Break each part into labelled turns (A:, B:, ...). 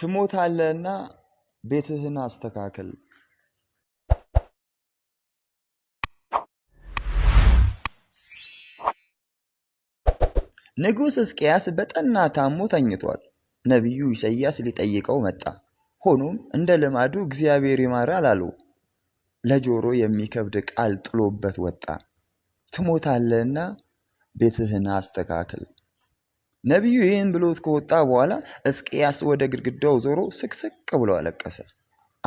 A: ትሞታለህና ቤትህን አስተካክል። ንጉሥ ሕዝቅያስ በጠና ታሞ ተኝቷል። ነቢዩ ኢሳይያስ ሊጠይቀው መጣ። ሆኖም እንደ ልማዱ እግዚአብሔር ይማረ አላሉ። ለጆሮ የሚከብድ ቃል ጥሎበት ወጣ። ትሞታለህና ቤትህን አስተካክል። ነቢዩ ይህን ብሎት ከወጣ በኋላ እስቅያስ ወደ ግድግዳው ዞሮ ስቅስቅ ብሎ አለቀሰ።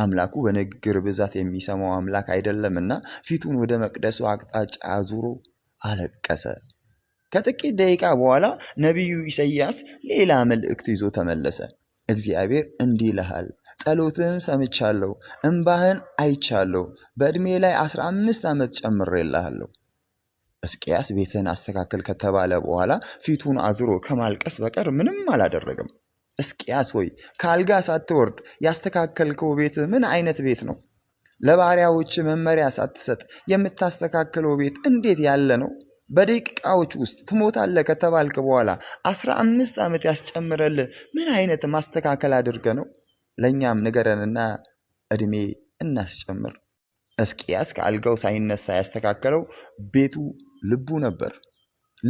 A: አምላኩ በንግግር ብዛት የሚሰማው አምላክ አይደለምና ፊቱን ወደ መቅደሱ አቅጣጫ አዙሮ አለቀሰ። ከጥቂት ደቂቃ በኋላ ነቢዩ ኢሳይያስ ሌላ መልእክት ይዞ ተመለሰ። እግዚአብሔር እንዲህ ይልሃል፣ ጸሎትህን ሰምቻለሁ፣ እምባህን አይቻለሁ፣ በዕድሜ ላይ አስራ አምስት ዓመት ጨምሬልሃለሁ። እስቅያስ ቤትን አስተካከል ከተባለ በኋላ ፊቱን አዙሮ ከማልቀስ በቀር ምንም አላደረገም። እስቅያስ ሆይ ከአልጋ ሳትወርድ ያስተካከልከው ቤት ምን አይነት ቤት ነው? ለባሪያዎች መመሪያ ሳትሰጥ የምታስተካክለው ቤት እንዴት ያለ ነው? በደቂቃዎች ውስጥ ትሞታለህ ከተባልክ በኋላ አስራ አምስት ዓመት ያስጨምረልህ ምን አይነት ማስተካከል አድርገ ነው? ለእኛም ንገረንና ዕድሜ እናስጨምር። እስቅያስ ከአልጋው ሳይነሳ ያስተካከለው ቤቱ ልቡ ነበር።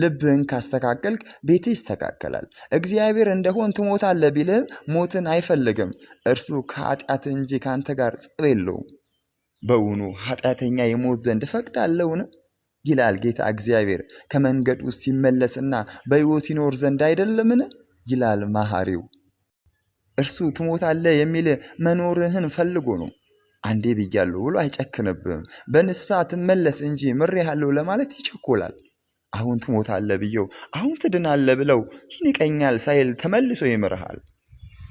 A: ልብህን ካስተካከልክ ቤትህ ይስተካከላል። እግዚአብሔር እንደሆን ትሞታለህ ቢል ሞትን አይፈልግም። እርሱ ከኃጢአት እንጂ ከአንተ ጋር ጸብ የለውም። በውኑ ኃጢአተኛ የሞት ዘንድ እፈቅዳለሁን? ይላል ጌታ እግዚአብሔር። ከመንገዱ ሲመለስና በሕይወት ይኖር ዘንድ አይደለምን? ይላል መሐሪው። እርሱ ትሞታለህ የሚል መኖርህን ፈልጎ ነው። አንዴ ብያለሁ ብሎ አይጨክንብም። በንስሐ ትመለስ እንጂ ምሬሃለሁ ለማለት ይቸኮላል። አሁን ትሞታለህ ብየው አሁን ትድናለህ ብለው ይንቀኛል ሳይል ተመልሶ ይምርሃል።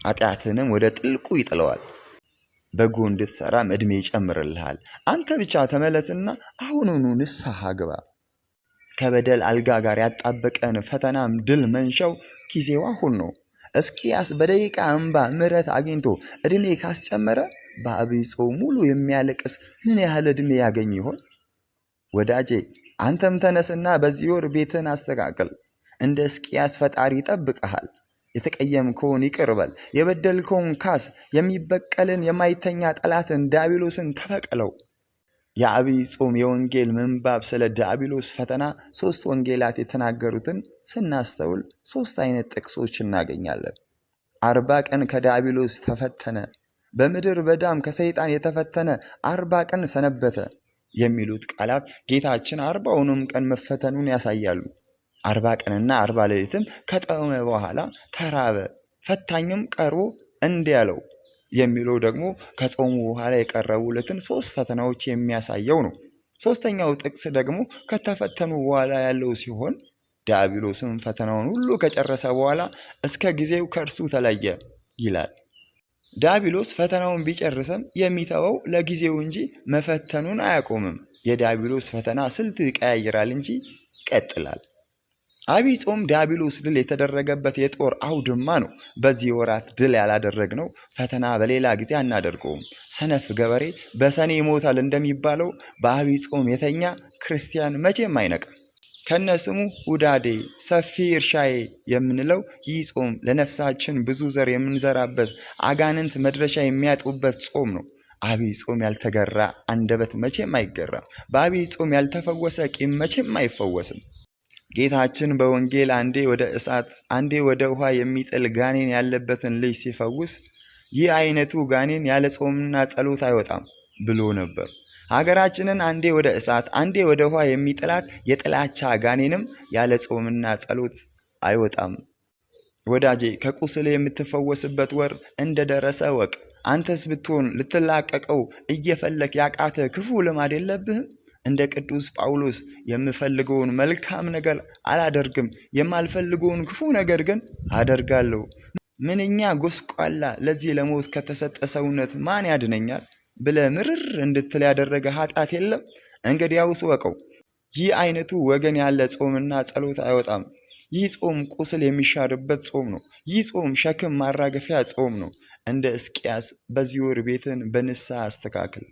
A: ኃጢአትንም ወደ ጥልቁ ይጥለዋል። በጎ እንድትሰራም ዕድሜ ይጨምርልሃል። አንተ ብቻ ተመለስና አሁኑኑ ንስሐ ግባ። ከበደል አልጋ ጋር ያጣበቀን ፈተናም ድል መንሻው ጊዜው አሁን ነው። እስኪያስ በደቂቃ እንባ ምሕረት አግኝቶ ዕድሜ ካስጨመረ በአብይ ጾም ሙሉ የሚያለቅስ ምን ያህል ዕድሜ ያገኝ ይሆን? ወዳጄ አንተም ተነስና በዚህ ወር ቤትን አስተካክል። እንደ እስቅያስ ፈጣሪ ይጠብቀሃል። የተቀየምከውን ይቅርበል፣ የበደልከውን ካስ፣ የሚበቀልን የማይተኛ ጠላትን ዳቢሎስን ተበቀለው። የአብይ ጾም የወንጌል ምንባብ ስለ ዳቢሎስ ፈተና ሶስት ወንጌላት የተናገሩትን ስናስተውል ሶስት አይነት ጥቅሶች እናገኛለን። አርባ ቀን ከዳቢሎስ ተፈተነ በምድር በዳም ከሰይጣን የተፈተነ አርባ ቀን ሰነበተ የሚሉት ቃላት ጌታችን አርባውንም ቀን መፈተኑን ያሳያሉ። አርባ ቀንና አርባ ሌሊትም ከጠመ በኋላ ተራበ፣ ፈታኝም ቀርቦ እንዲያለው የሚለው ደግሞ ከጾሙ በኋላ የቀረቡለትን ሶስት ፈተናዎች የሚያሳየው ነው። ሶስተኛው ጥቅስ ደግሞ ከተፈተኑ በኋላ ያለው ሲሆን ዲያብሎስም ፈተናውን ሁሉ ከጨረሰ በኋላ እስከ ጊዜው ከእርሱ ተለየ ይላል። ዳቢሎስ ፈተናውን ቢጨርስም የሚተወው ለጊዜው እንጂ መፈተኑን አያቆምም። የዳቢሎስ ፈተና ስልት ይቀያይራል እንጂ ይቀጥላል። አብይ ጾም ዳቢሎስ ድል የተደረገበት የጦር አውድማ ነው። በዚህ ወራት ድል ያላደረግነው ፈተና በሌላ ጊዜ አናደርገውም። ሰነፍ ገበሬ በሰኔ ይሞታል እንደሚባለው በአብይ ጾም የተኛ ክርስቲያን መቼም አይነቅም። ከነስሙ ሁዳዴ ሰፊ እርሻዬ የምንለው ይህ ጾም ለነፍሳችን ብዙ ዘር የምንዘራበት አጋንንት መድረሻ የሚያጡበት ጾም ነው። አብይ ጾም ያልተገራ አንደበት መቼም አይገራም። በአብይ ጾም ያልተፈወሰ ቂም መቼም አይፈወስም። ጌታችን በወንጌል አንዴ ወደ እሳት አንዴ ወደ ውሃ የሚጥል ጋኔን ያለበትን ልጅ ሲፈውስ ይህ አይነቱ ጋኔን ያለ ጾምና ጸሎት አይወጣም ብሎ ነበር። ሀገራችንን አንዴ ወደ እሳት አንዴ ወደ ውሃ የሚጥላት የጥላቻ ጋኔንም ያለ ጾምና ጸሎት አይወጣም። ወዳጄ ከቁስል የምትፈወስበት ወር እንደደረሰ ወቅ። አንተስ ብትሆን ልትላቀቀው እየፈለክ ያቃተ ክፉ ልማድ የለብህም? እንደ ቅዱስ ጳውሎስ የምፈልገውን መልካም ነገር አላደርግም፣ የማልፈልገውን ክፉ ነገር ግን አደርጋለሁ። ምንኛ ጎስቋላ! ለዚህ ለሞት ከተሰጠ ሰውነት ማን ያድነኛል? ብለ ምርር እንድትል ያደረገ ኃጢአት የለም? እንግዲያውስ ወቀው። ይህ አይነቱ ወገን ያለ ጾምና ጸሎት አይወጣም። ይህ ጾም ቁስል የሚሻርበት ጾም ነው። ይህ ጾም ሸክም ማራገፊያ ጾም ነው። እንደ ሕዝቅያስ በዚህ ወር ቤትን በንስሐ አስተካክል።